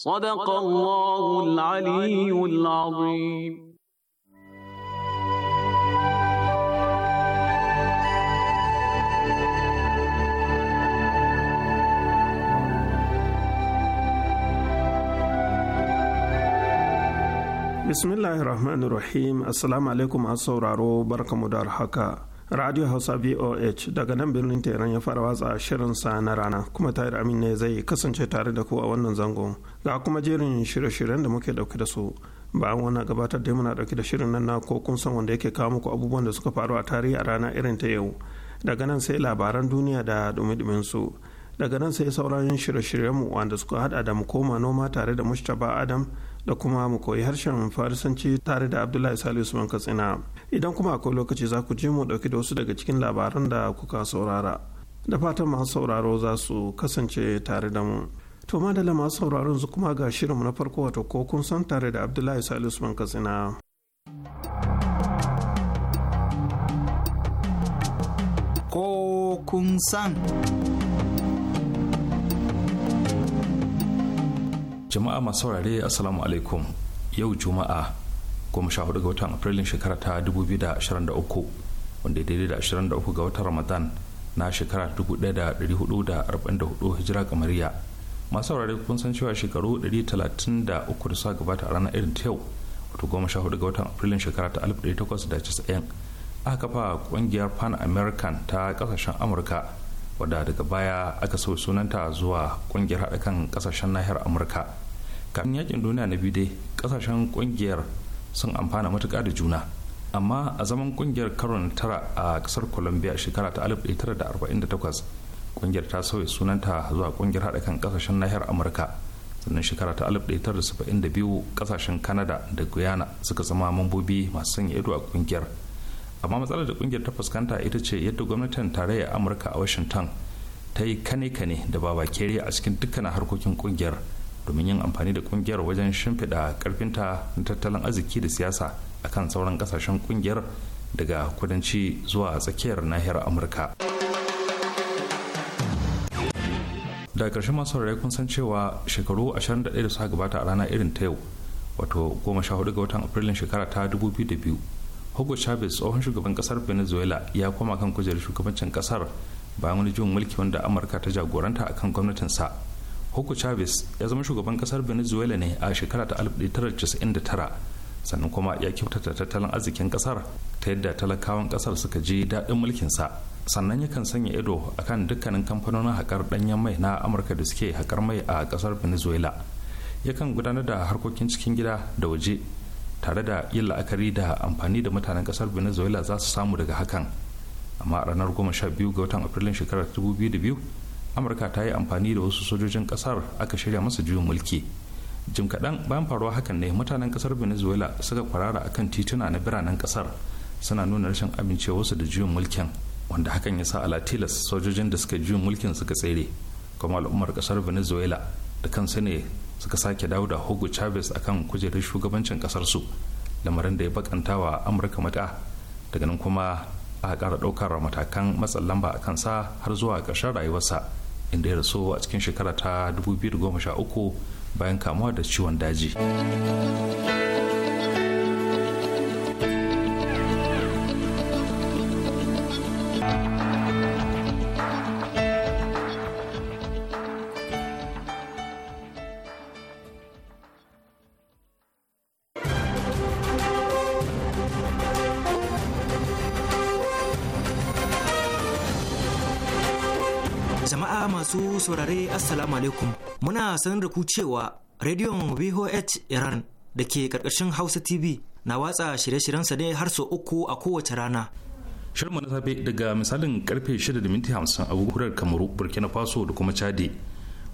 صدق الله العلي العظيم بسم الله الرحمن الرحيم السلام عليكم اصور ارو بركه مدار حكا radio hausa voh daga nan birnin teran ya fara watsa shirin sa na rana kuma tayar amin ne zai kasance tare da ku a wannan zangon ga kuma jerin shirye-shiryen da muke dauke da su bayan wannan gabatar da muna dauke da shirin nan na ko kun san wanda yake kawo muku abubuwan da suka faru a tarihi a rana irin ta yau daga nan sai labaran duniya da dumi su daga nan sai sauran shirye shiryen mu wanda suka hada da mu koma noma tare da mustapha adam da kuma mu koyi harshen farisanci tare da abdullahi salisu usman katsina idan kuma akwai lokaci za ku je mu dauki da wasu daga cikin labaran da kuka saurara da fatan masu sauraro za su kasance tare da mu to madalla masu sauraron su kuma ga shirinmu na farko wato ko kun san tare da abdullahi salisu usman katsina ko kun san jama'a masu saurare assalamu alaikum yau juma'a goma sha hudu ga watan afrilun shekara ta 2023 wanda daidai da 23 ga watan ramadan na shekara 1444 hijira kamariya masu saurare kun san cewa shekaru 133 da suka gabata a ranar irin ta yau wato goma sha hudu ga watan afrilun shekara ta 1890 aka kafa kungiyar pan american ta kasashen amurka wadda daga baya aka so sunanta zuwa kungiyar haɗa kan kasashen nahiyar amurka kafin yakin duniya na biyu dai kasashen kungiyar sun amfana matuƙa da juna amma a zaman kungiyar karon tara a kasar colombia shekara ta 1948 kungiyar ta sauya sunanta zuwa kungiyar haɗa kan kasashen nahiyar amurka sannan shekara ta 1972 kasashen canada da guyana suka zama mambobi masu sanya ido a kungiyar amma matsalar da kungiyar ta fuskanta ita ce yadda gwamnatin tarayyar amurka a washington ta yi kane-kane da babakere a cikin dukkanin harkokin kungiyar domin yin amfani da kungiyar wajen shimfiɗa karfinta na tattalin arziki da siyasa a kan sauran kasashen kungiyar daga kudanci zuwa tsakiyar nahiyar amurka da ƙarshen masu rarrai kun san cewa shekaru 21 da suka gabata a rana irin ta yau wato 14 ga watan afrilun shekara ta 2002 hugo chavez tsohon shugaban kasar venezuela ya koma kan kujerar shugabancin kasar bayan wani juyin mulki wanda amurka ta jagoranta akan gwamnatinsa hugo chavez ya zama shugaban kasar venezuela ne a shekara ta 1999 sannan kuma ya kyautata tattalin arzikin kasar ta yadda talakawan kasar suka ji daɗin mulkinsa sannan yakan sanya ido a kan dukkanin kamfanonin haƙar ɗanyen mai na amurka da suke haƙar mai a kasar venezuela yakan gudanar da harkokin cikin gida da waje tare da yin la'akari da amfani da mutanen kasar venezuela za su samu daga hakan amma a ranar 12 ga watan afrilun shekarar 2002 amurka ta yi amfani da wasu sojojin kasar aka shirya masa juyin mulki jim kaɗan bayan faruwa hakan ne mutanen kasar venezuela suka kwarara akan tituna na biranen kasar suna nuna rashin wasu da juyin mulkin wanda hakan ya sa ala tilas sojojin da suka juyin mulkin suka tsere kuma al'ummar kasar venezuela da kansu ne suka sake dawo da hugo chavez akan kujerar shugabancin kasar su lamarin da ya bakanta wa amurka mata daga nan kuma aka kara ɗaukar matakan matsin lamba a kansa har zuwa ƙarshen rayuwarsa inda ya rasu a cikin shekara ta 2013 bayan kamuwa da ciwon daji. Assalamu alaikum. Muna sanar da ku cewa Radio VOH Iran da ke karkashin Hausa TV na watsa shirye-shiryensa ne har sau uku a kowace rana. Shirin na safe daga misalin karfe 6:50 gugurar Kamaru, Burkina Faso da kuma Chadi,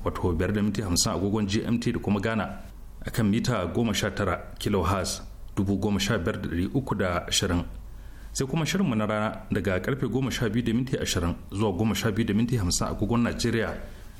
wato 5:50 agogon GMT da kuma Ghana akan mita 19 kHz 15320 sai kuma shirinmu na rana daga karfe 12:20 zuwa 12:50 agogon Najeriya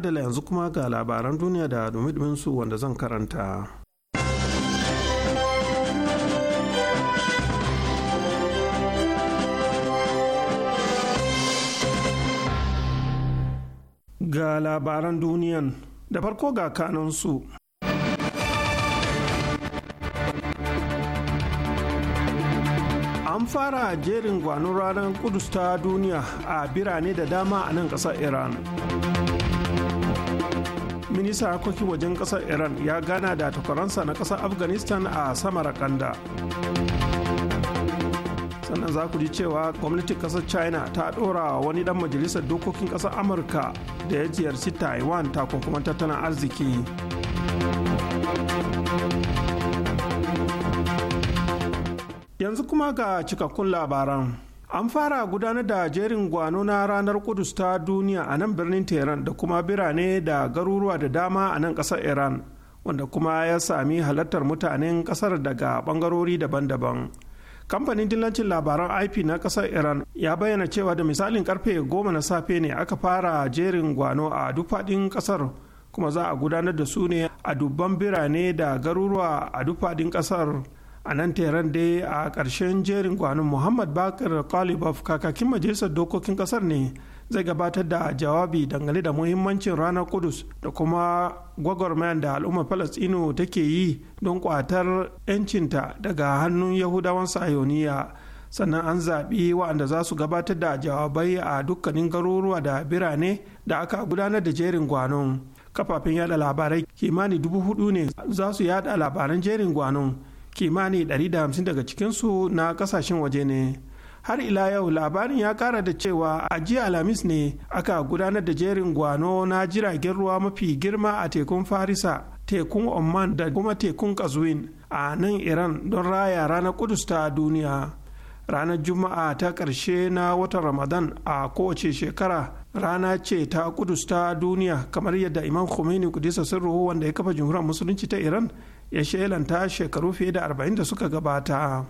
madala yanzu kuma ga labaran duniya da dumi su wanda zan karanta. Ga labaran duniyan da farko ga kanansu. An fara jerin gwanon ranar kudus ta duniya a birane da dama a nan ƙasar Iran. minista harkokin wajen kasar iran ya gana da takwaransa na kasar afghanistan a samarakanda sannan za ku ji cewa gwamnatin kasar china ta dora wani dan majalisar dokokin kasar amurka da ya ziyarci taiwan ta kuma tattalin arziki yanzu kuma ga cikakkun labaran an fara gudanar da jerin gwano na ranar kudus ta duniya a nan birnin tehran da kuma birane da garuruwa da dama a nan kasar iran wanda kuma ya sami halartar mutanen kasar daga ɓangarori daban-daban kamfanin dillancin labaran ip na kasar iran ya bayyana cewa da misalin karfe goma na safe ne aka fara jerin gwano a duk faɗin kasar kuma za a gudanar da su ne a dubban birane da garuruwa a duk faɗin kasar a nan teran dai a ƙarshen jerin gwanin muhammad bakar kalibov kakakin majalisar dokokin ƙasar ne zai gabatar da jawabi dangane da muhimmancin ranar kudus da kuma gwagwarmayar da al'ummar palestino take yi don kwatar 'yancinta daga hannun yahudawan sayoniya sannan an zaɓi waɗanda za su gabatar da jawabai a dukkanin garuruwa da birane da aka gudanar da jerin gwanon kafafen yada labarai kimani dubu hudu ne za su yada labaran jerin gwanon kimani 150 daga cikinsu na kasashen waje ne har ila yau labarin ya kara da cewa a jiya alhamis ne aka gudanar da jerin gwano na jiragen ruwa mafi girma a tekun farisa tekun oman da kuma tekun kazuwin a nan iran don raya ranar kudus ta duniya ranar juma'a ta karshe na watan ramadan a kowace shekara rana ce ta kudus ta duniya kamar yadda imam khomeini kudisa sirruhu wanda ya kafa jamhuriyar musulunci ta iran ya shelanta shekaru fiye da 40 da suka gabata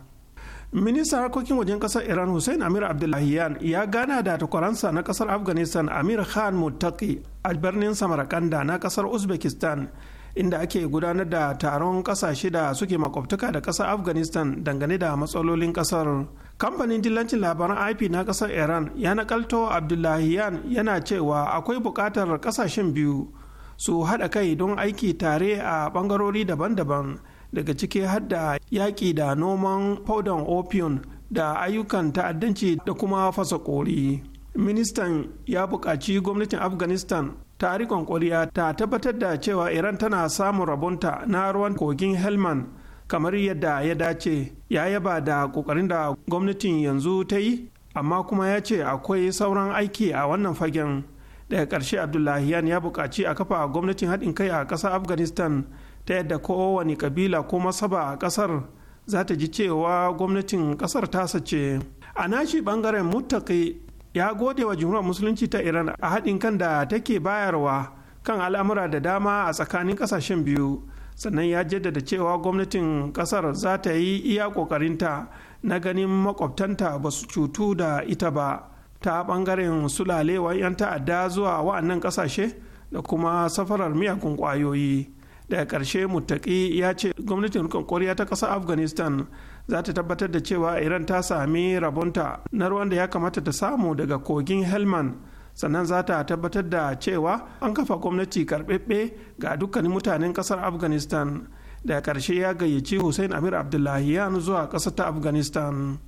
ministan harkokin wajen kasar iran hussein amir abdullahiyan ya gana da takwaransa na kasar afghanistan amir khan muttaki a birnin samarkanda na kasar uzbekistan inda ake gudanar da taron kasashe da suke makwabtaka da kasar afghanistan dangane da matsalolin kasar kamfanin dillancin labaran ip na kasar iran ya nakalto abdullahiyan yana cewa akwai bukatar kasashen biyu su haɗa kai don aiki tare a ɓangarori daban-daban daga ciki hadda yaƙi da noman faudan opium da ayyukan ta'addanci da kuma fasa kori ministan ya buƙaci gwamnatin afghanistan ta rikon ƙwarya ta tabbatar da cewa iran tana samun rabonta na ruwan kogin helman kamar yadda ya dace ya yaba da ƙoƙarin da gwamnatin yanzu ta yi amma kuma ya ce akwai sauran aiki a wannan fagen daga ƙarshe abdullahiyan ya buƙaci a kafa gwamnatin haɗin kai a ƙasar afghanistan ta yadda kowane kabila ko masaba a ƙasar za ta ji cewa gwamnatin ƙasar ta sace. a nashi ɓangaren muttaki ya gode wa jumhuriyar musulunci ta iran a haɗin kan da take bayarwa kan al'amura da dama a tsakanin ƙasashen biyu sannan ya jaddada cewa gwamnatin ƙasar za ta yi iya ƙoƙarinta na ganin makwabtanta ba su cutu da ita ba ta ɓangaren sulalewar 'yan ta'adda zuwa wa'annan ƙasashe da kuma safarar miyagun ƙwayoyi daga ƙarshe mutaki ya ce gwamnatin ƙwaƙwariya ta ƙasar afghanistan za ta tabbatar da cewa iran ta sami rabonta na ruwan da ya kamata ta samu daga kogin helman sannan za ta tabbatar da cewa an kafa gwamnati karɓaɓɓe ga dukkanin mutanen ƙasar afghanistan da karshe ya gayyaci hussein amir Abdullahi abdullahiyan zuwa ƙasar ta afghanistan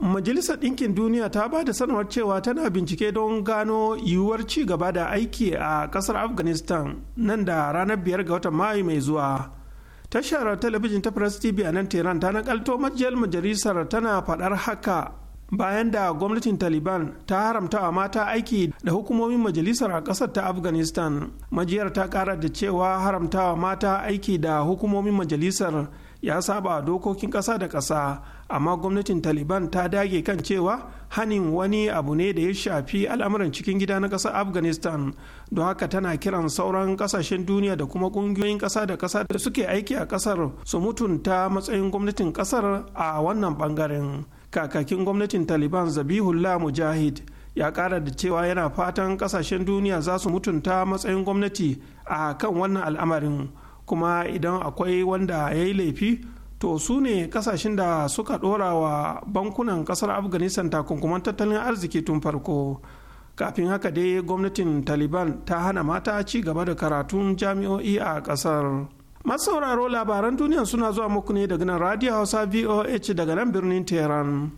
majalisar ɗinkin duniya ta ba da sanarwar cewa tana bincike don gano yiwuwar ci gaba da aiki a ƙasar afghanistan nan da ranar biyar ga watan mayu mai zuwa tashar talabijin ta press tv a nan tehran ta nakalto majiyar majalisar tana fadar haka bayan da gwamnatin taliban ta haramta wa mata aiki da hukumomin majalisar a kasar ta afghanistan majiyar ta kara da cewa haramta wa mata aiki da hukumomin majalisar ya saba dokokin kasa da kasa. amma gwamnatin taliban ta dage kan cewa hanin wani abu ne da ya shafi al'amuran cikin gida na ƙasar afghanistan don haka tana kiran sauran ƙasashen duniya da kuma ƙungiyoyin ƙasa da ƙasa da suke aiki a ƙasar su mutunta matsayin gwamnatin ƙasar a wannan bangaren kakakin gwamnatin taliban zabihullah mujahid ya kara da cewa yana fatan kasashen duniya za su mutunta matsayin gwamnati a kan wannan al'amarin kuma idan akwai wanda ya yi laifi to su ne kasashen da suka ɗora wa bankunan kasar afghanistan takunkuman tattalin arziki tun farko kafin haka dai gwamnatin taliban ta hana mata ci gaba da karatun jami'o'i a ƙasar masauraro labaran duniya suna zuwa muku ne daga nan radio hausa voh daga nan birnin tehran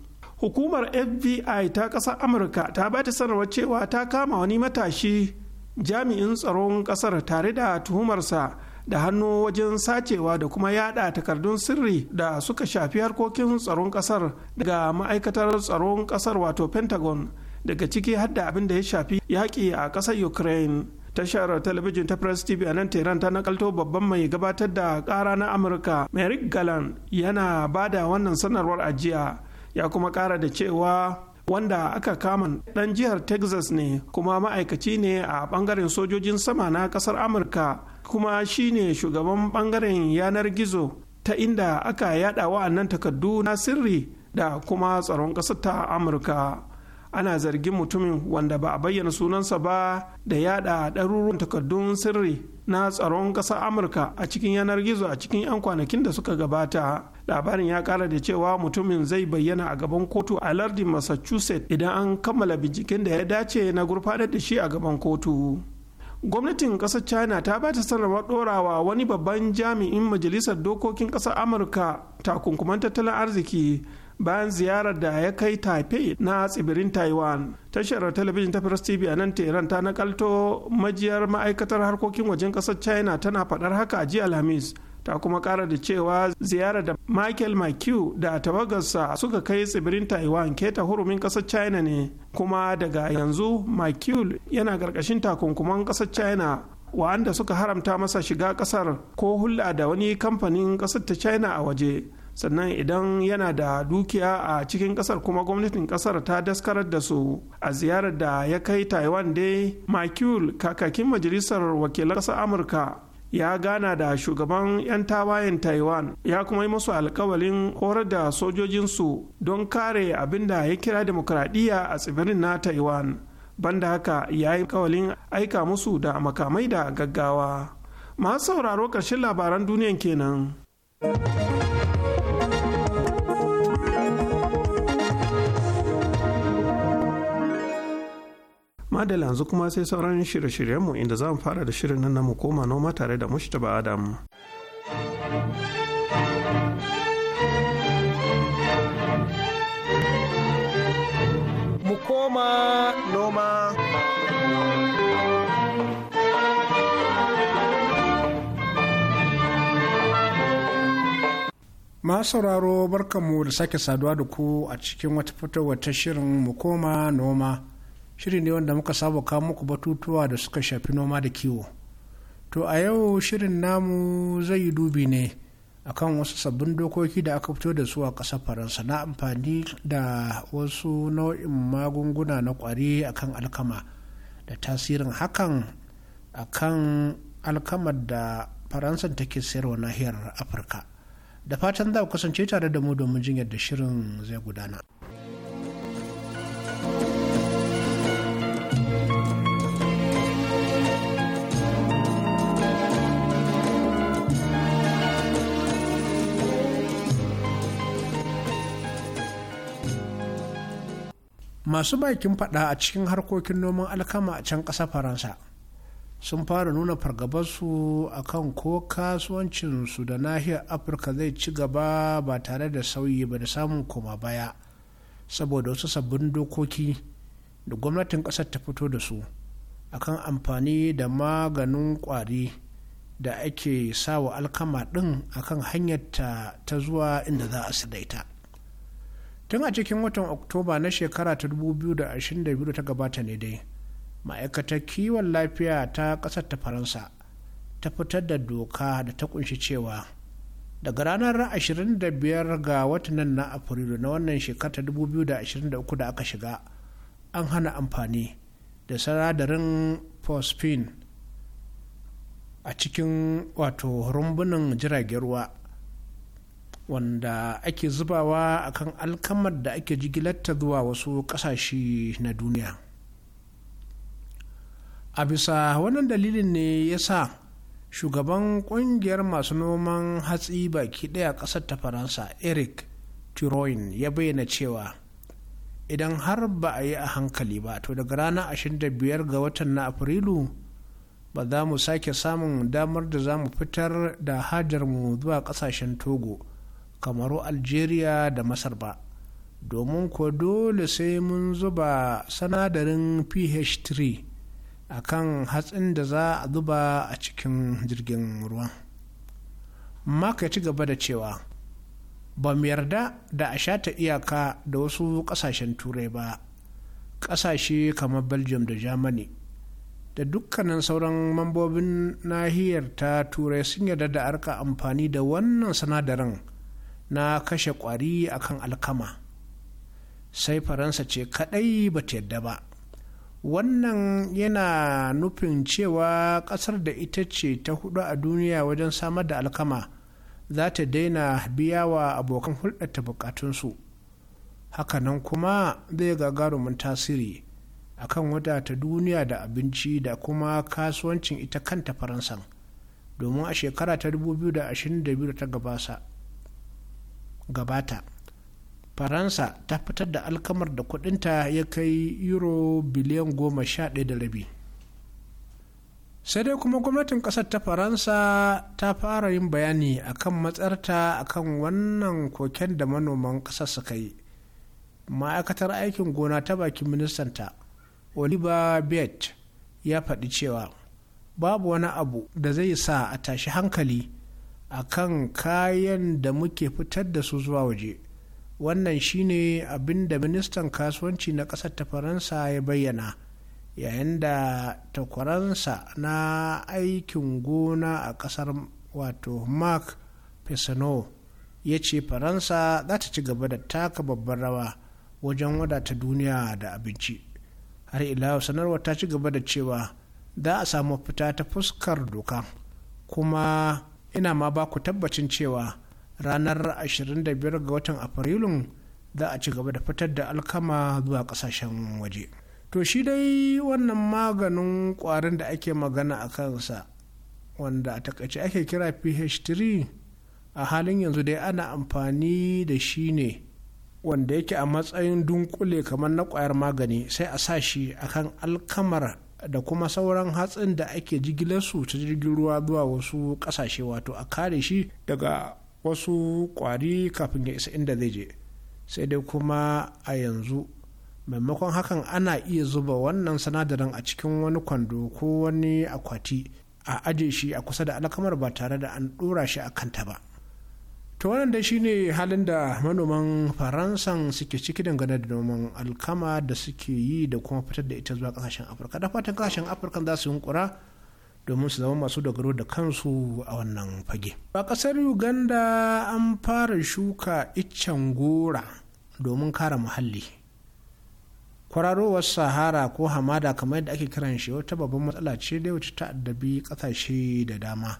hukumar fbi ta ƙasar amurka ta bata sanarwar cewa ta kama wani matashi jami'in tsaron kasar tare da tuhumarsa da hannu wajen sacewa da kuma yada takardun sirri da suka shafi harkokin tsaron kasar daga ma'aikatar tsaron kasar wato pentagon daga ciki hadda abin da ya shafi yaƙi a ƙasar ukraine tashar talabijin ta press tv a nan tehran ta nakalto babban mai gabatar da ƙara na amurka merrick galan yana ba da wannan sanarwar ajiya ya kuma ƙara da cewa wanda aka kama dan jihar texas ne kuma ma'aikaci ne a bangaren sojojin sama na kasar amurka kuma shine shugaban bangaren yanar gizo ta inda aka yada wa'annan takardu na sirri da kuma tsaron kasar ta amurka ana zargin mutumin wanda ba a bayyana sunansa ba da yada ɗaruruwan takardun sirri na tsaron ƙasar amurka a cikin yanar gizo a cikin 'yan kwanakin da suka gabata labarin ya kara da cewa mutumin zai bayyana a gaban kotu a lardin massachusetts idan an kammala binciken da ya dace na gurfanar da shi a gaban kotu gwamnatin kasar china ta ba bata sanarwar dorawa wani babban jami'in majalisar dokokin kasar amurka takunkuman tattalin arziki bayan ziyarar da ya kai taipei na tsibirin taiwan tashar talabijin ta press tv a nan tehran ta nakalto majiyar ma'aikatar harkokin wajen kasar china tana faɗar haka a jiya alhamis ta kuma kara da cewa ziyara da michael mchugh da tawagarsa suka kai tsibirin taiwan keta hurumin kasar china ne kuma daga yanzu mchugh yana karkashin takunkuman kasar china wa'anda suka haramta masa shiga kasar ko hulɗa da wani kamfanin kasar ta china a waje sannan idan yana da dukiya a cikin kasar kuma gwamnatin kasar ta daskarar da su a ziyarar da ya kai taiwan dai makul kakakin majalisar wakilan kasar amurka ya gana da shugaban 'yan tawayen taiwan ya kuma yi musu alkawalin horar da sojojinsu don kare abin da ya kira demokradiyya a tsibirin na taiwan banda haka ya yi kawalin aika musu da makamai da gaggawa masu sauraro ƙarshen labaran duniyan kenan. madala yanzu kuma sai sauran shirye-shiryenmu inda za mu fara da shirin nan na mu koma noma tare da taba adam noma Ma sauraro barkanmu da sake saduwa da ku a cikin wata fitowar ta shirin mukoma noma shiri ne wanda muka saba kawo muku batutuwa da suka shafi noma da kiwo to a yau shirin namu zai yi dubi ne akan wasu sabbin dokoki da aka fito da su a ƙasar faransa na amfani da wasu nau'in magunguna na ƙwari akan alkama da tasirin hakan akan alkamar da faransa take sayarwa nahiyar afirka da fatan za ku kasance tare da mu domin jin yadda shirin zai gudana. masu bakin fada a cikin harkokin noman alkama a can ƙasar faransa sun fara nuna fargabarsu a kan ko kasuwancinsu da nahiyar afirka zai ci gaba ba tare da sauyi ba da samun koma baya saboda wasu sabbin dokoki da gwamnatin ƙasar ta fito da su akan amfani da maganin kwari da ake sawa alkama ɗin kan hanyarta ta zuwa inda za a ita. tun a cikin watan oktoba na shekara ta 2022 ta gabata ne dai ma'aikatar kiwon lafiya ta ƙasar ta faransa ta fitar da doka da ta kunshi cewa daga ranar 25 ga watan na afrilu na wannan shekara ta 2023 da aka shiga an hana amfani da sanadarin phosphine a cikin wato rumbunan jiragen ruwa wanda ake zubawa a kan alkamar da ake jigilarta zuwa wasu kasashe na duniya a bisa wannan dalilin ne ya sa shugaban kungiyar masu noman hatsi baki ɗaya kasar ta faransa eric turoin ya bayyana cewa idan har ba a yi a hankali ba to daga ranar 25 ga watan na afrilu ba za mu sake samun damar da za mu fitar da hajar mu zuwa kasashen togo kamaru algeria da masar ba domin ko dole sai mun zuba sanadarin ph3 a kan hatsin da za a zuba a cikin jirgin ruwan maka ci gaba da cewa ba mu yarda da a shata iyaka da wasu kasashen turai ba kasashe kamar belgium da germany da dukkanin sauran mambobin nahiyar ta turai sun yarda da arka amfani da wannan sanadarin na kashe kwari akan alkama sai faransa ce kadai ba ta yadda ba wannan yana nufin cewa kasar da ita ce ta hudu a duniya wajen samar da alkama za ta daina biya wa abokan hulɗarta bukatunsu hakanan kuma zai gagarumin tasiri akan wadata duniya da abinci da kuma kasuwancin ita kanta faransan domin a shekara ta 2022 ta gabasa gabata faransa ta fitar da alkamar da kudinta ya kai euro biliyan goma sha ɗaya da rabi sai dai kuma gwamnatin ƙasar ta faransa ta fara yin bayani akan matsarta akan wannan koken da manoman ƙasar suka yi ma'aikatar aikin gona ta bakin ministanta oliver beat ya faɗi cewa babu wani abu da zai sa a tashi hankali a kan kayan da muke fitar da su zuwa waje wannan shine abin da ministan kasuwanci na ƙasar ta faransa ya bayyana yayin da takwaransa na aikin gona a ƙasar wato mark pesano ya ce faransa za ta ci gaba da taka babbar rawa wajen wadata duniya da abinci har ila sanarwa ta ci gaba da cewa za a samu fita ta fuskar doka kuma ina ma ba ku tabbacin cewa ranar 25 ga watan afrilun za a ci gaba da fitar da alkama zuwa kasashen waje to shi dai wannan maganin kwarin da ake magana a kansa wanda a takaice ake kira ph3 a halin yanzu dai ana amfani da shi ne wanda yake a matsayin dunkule kamar na kwayar magani sai a sa shi akan alkamar da kuma sauran hatsin da ake su ta jirgin ruwa zuwa wasu kasashe wato a kare shi daga wasu kwari kafin ya isa inda zai je sai dai kuma a yanzu maimakon hakan ana iya zuba wannan sinadarin a cikin wani kwando ko wani akwati a aje shi a kusa da alkamar ba tare da an ɗora shi a kanta ba. to wannan dai shine halin da manoman faransan suke ciki dangane da noman alkama da suke yi da kuma fitar da ita zuwa kasashen afirka da fatan kasashen afirka za su yunkura domin su zama masu dogaro da kansu a wannan fage a kasar uganda an fara shuka iccen gora domin kare muhalli kwararowar sahara ko hamada kamar yadda ake kiran shi wata babban matsala ce dai wacce ta addabi kasashe da dama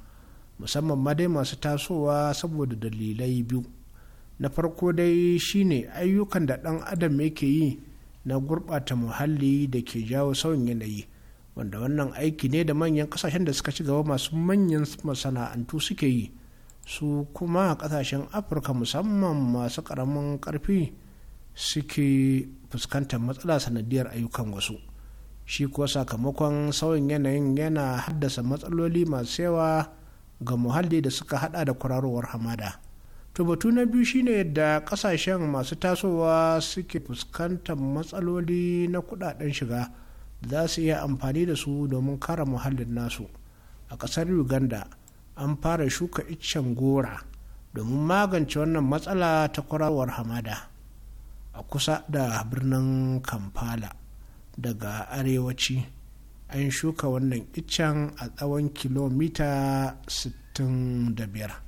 musamman ma dai masu tasowa saboda dalilai biyu na farko dai shine ayyukan da ɗan adam yake yi na gurɓata muhalli da ke jawo sauyin yanayi wanda wannan aiki ne da manyan ƙasashen da suka ci gaba masu manyan masana'antu suke yi su kuma ƙasashen afirka musamman masu ƙaramin ƙarfi suke fuskantar matsala sanadiyar ayyukan wasu shi kuwa sakamakon sauyin yanayin yana haddasa matsaloli masu yawa ga muhalli da suka hada da kwararowar hamada to batu na biyu shine yadda kasashen masu tasowa suke fuskantar matsaloli na kudaden shiga za su iya amfani da su domin kare muhallin nasu a kasar uganda an fara shuka iccen gora domin magance wannan matsala ta kwararowar hamada a kusa da birnin kampala daga arewaci an shuka wannan iccen a tsawon kilomita 65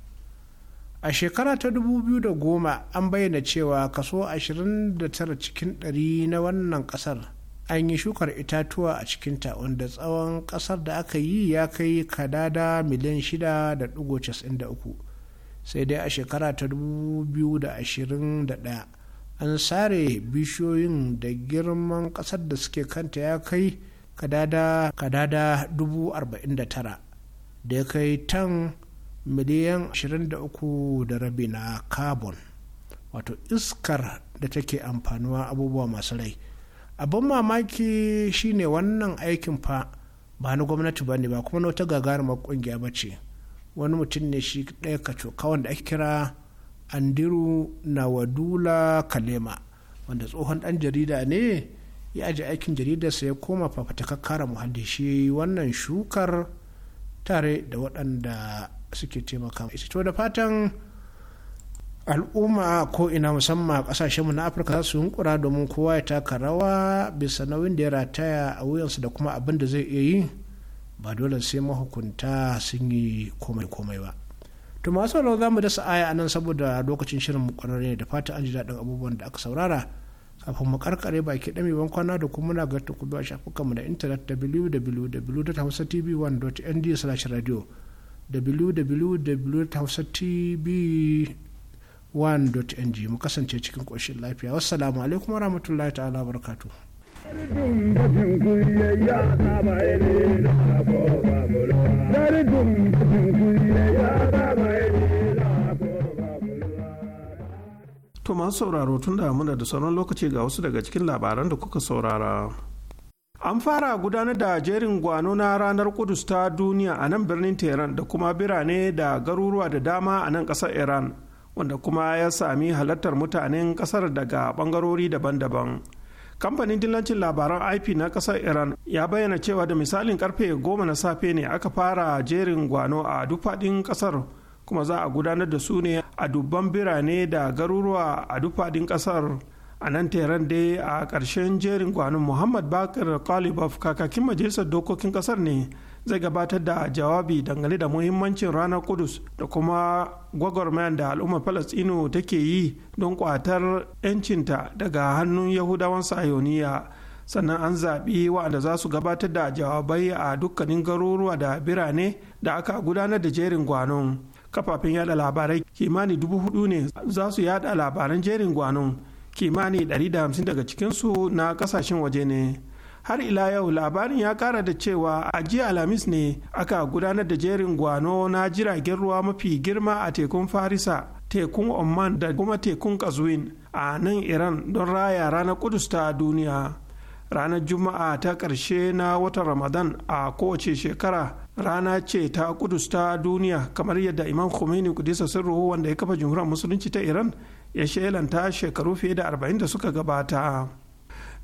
a shekara ta 2010 an bayyana cewa kaso 29 cikin 100 na wannan kasar an yi shukar itatuwa a cikinta wanda tsawon kasar da aka yi ya kai kadada miliyan 6.93 sai dai a shekara ta 2021 an sare bishiyoyin da girman kasar da suke kanta ya kai kadada kadada dubu arba'in da tara da ya kai tan miliyan ashirin da uku da rabi na carbon wato iskar da take amfanuwa abubuwa masu rai abin mamaki shine wannan aikin fa ba na gwamnati ba ne ba kuma na wata gagarumar kungiya ba ce wani mutum ne shi ɗaya kacokawan da ake kira andiru nawadula kalema wanda tsohon ɗan jarida ne ya aji aikin jaridarsa ya koma fafatakar kara muhalli shi wannan shukar tare da waɗanda suke taimaka ita to da fatan al'umma ko ina musamman ƙasashenmu na afirka za su yunkura domin kowa ya taka rawa bisa nauyin da ya rataya a wuyansu da kuma abin da zai iya yi ba dole sai mahukunta sun yi komai-komai ba to masu za mu dasa aya a nan saboda lokacin shirin mu ne da fata an ji daɗin abubuwan da aka saurara kafin mu karkare baki dami ban kwana da kuma muna ga tukudu shafukan mu da intanet www.hausatv1.ng/radio www.hausatv1.ng mu kasance cikin koshin lafiya wassalamu alaikum warahmatullahi ta'ala barakatu Dari dum dum ya To masu sauraro tun da muna da sauran lokaci ga wasu daga cikin labaran da kuka saurara. An fara gudanar da jerin gwano na ranar Kudus ta duniya a nan birnin Tehran da kuma birane da garuruwa da dama a nan ƙasar Iran, wanda kuma ya sami halartar mutanen ƙasar daga ɓangarori daban-daban. Kamfanin dillancin labaran IP na ƙasar Iran ya bayyana cewa da misalin karfe goma na safe ne aka fara jerin gwano a duk faɗin ƙasar kuma za a gudanar da su ne a dubban birane da garuruwa a dufaɗin ƙasar a nan teran dai a ƙarshen jerin gwanin muhammad bakar kalibov kakakin majalisar dokokin ƙasar ne zai gabatar da jawabi dangane da muhimmancin ranar kudus da kuma gwagwarmayar da al'ummar falastinu take yi don kwatar 'yancinta daga hannun yahudawan sayoniya sannan an zaɓi waɗanda za su gabatar da jawabai a dukkanin garuruwa da birane da aka gudanar da jerin gwanon kafafen yada labarai kimani dubu hudu ne za su yada labaran jerin gwanon kimani da hamsin daga cikinsu na kasashen waje ne har ila yau labarin ya kara da cewa a jiya alhamis ne aka gudanar da jerin gwano na jiragen ruwa mafi girma a tekun farisa tekun oman da kuma tekun kazuin a nan iran don raya ranar kudus ta duniya ranar juma'a ta ƙarshe na watan ramadan a kowace shekara rana ce ta kudus ta duniya kamar yadda imam khomeini kudisa sirruhu wanda ya kafa jumhuriyar musulunci ta iran ya shelanta shekaru fiye da arba'in da suka gabata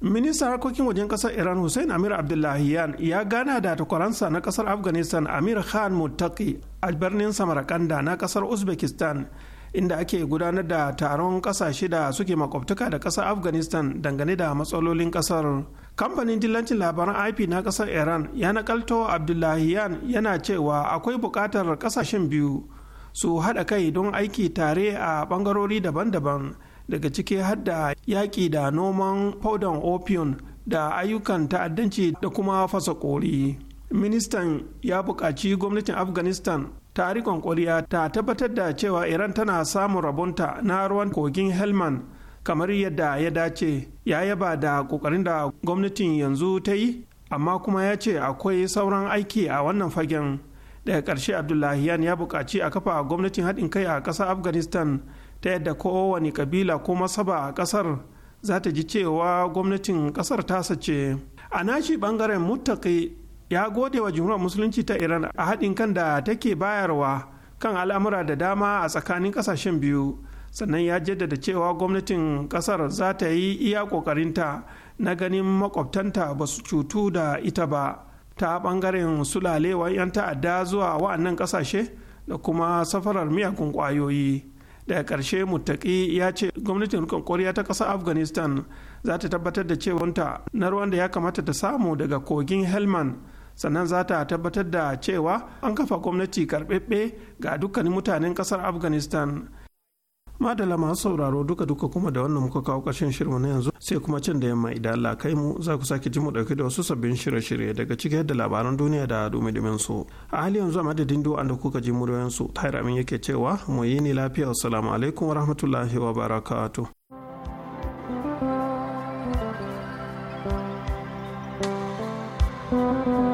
ministan harkokin wajen kasar iran hussein amir abdullahiyan ya gana da takwaransa na kasar afghanistan amir khan muttaki a birnin samarkanda na kasar uzbekistan inda ake gudanar da taron kasashe da suke makwabtaka da kasar afghanistan dangane da matsalolin kasar kamfanin dillancin labaran ip na kasar iran ya nakalto abdullahiyan yana cewa akwai bukatar kasashen biyu su hada kai don aiki tare a bangarori daban-daban daga ciki hadda yaƙi da noman faudan opium da ayyukan ta'addanci da kuma fasa kori ministan ya buƙaci gwamnatin afghanistan ta kwariya ta tabbatar da cewa iran tana samun rabonta na ruwan kogin helman kamar yadda ya dace ya yaba da kokarin da gwamnatin yanzu ta yi amma kuma ya ce akwai sauran aiki a wannan fagen daga ƙarshe yan ya buƙaci a kafa gwamnatin haɗin kai a ƙasar afghanistan ta yadda kowane kabila ko masaba a ƙasar za ta ji cewa gwamnatin ƙasar ta sace. a nashi ɓangaren muttaki ya gode wa jumhuriyar musulunci ta iran a haɗin kan da take bayarwa kan al'amura da dama a tsakanin ƙasashen biyu sannan ya jaddada cewa gwamnatin kasar za ta yi iya kokarinta na ganin makwabtanta ba su cutu da ita ba ta bangaren sulalewa 'yan ta'adda zuwa wa'annan kasashe da kuma safarar miyagun kwayoyi daga ƙarshe mutaki ya ce gwamnatin rukun koriya ta ƙasar afghanistan za ta tabbatar da cewanta na ruwan da ya kamata ta samu daga kogin helman sannan za ta tabbatar da cewa an kafa gwamnati karɓaɓɓe ga dukkanin mutanen ƙasar afghanistan madala masu sauraro duka duka kuma da wannan muka kawo ƙarshen shirin na yanzu sai kuma can da yamma idan Allah kai mu za ku sake ji mu dauke da wasu sabbin shirye-shirye daga cikin da labaran duniya da dumi-dumin su a hali yanzu a madadin an da kuka ji muryoyin su tahir amin yake cewa mu yi ni lafiya assalamu alaikum wa rahmatullahi wa barakatuh thank you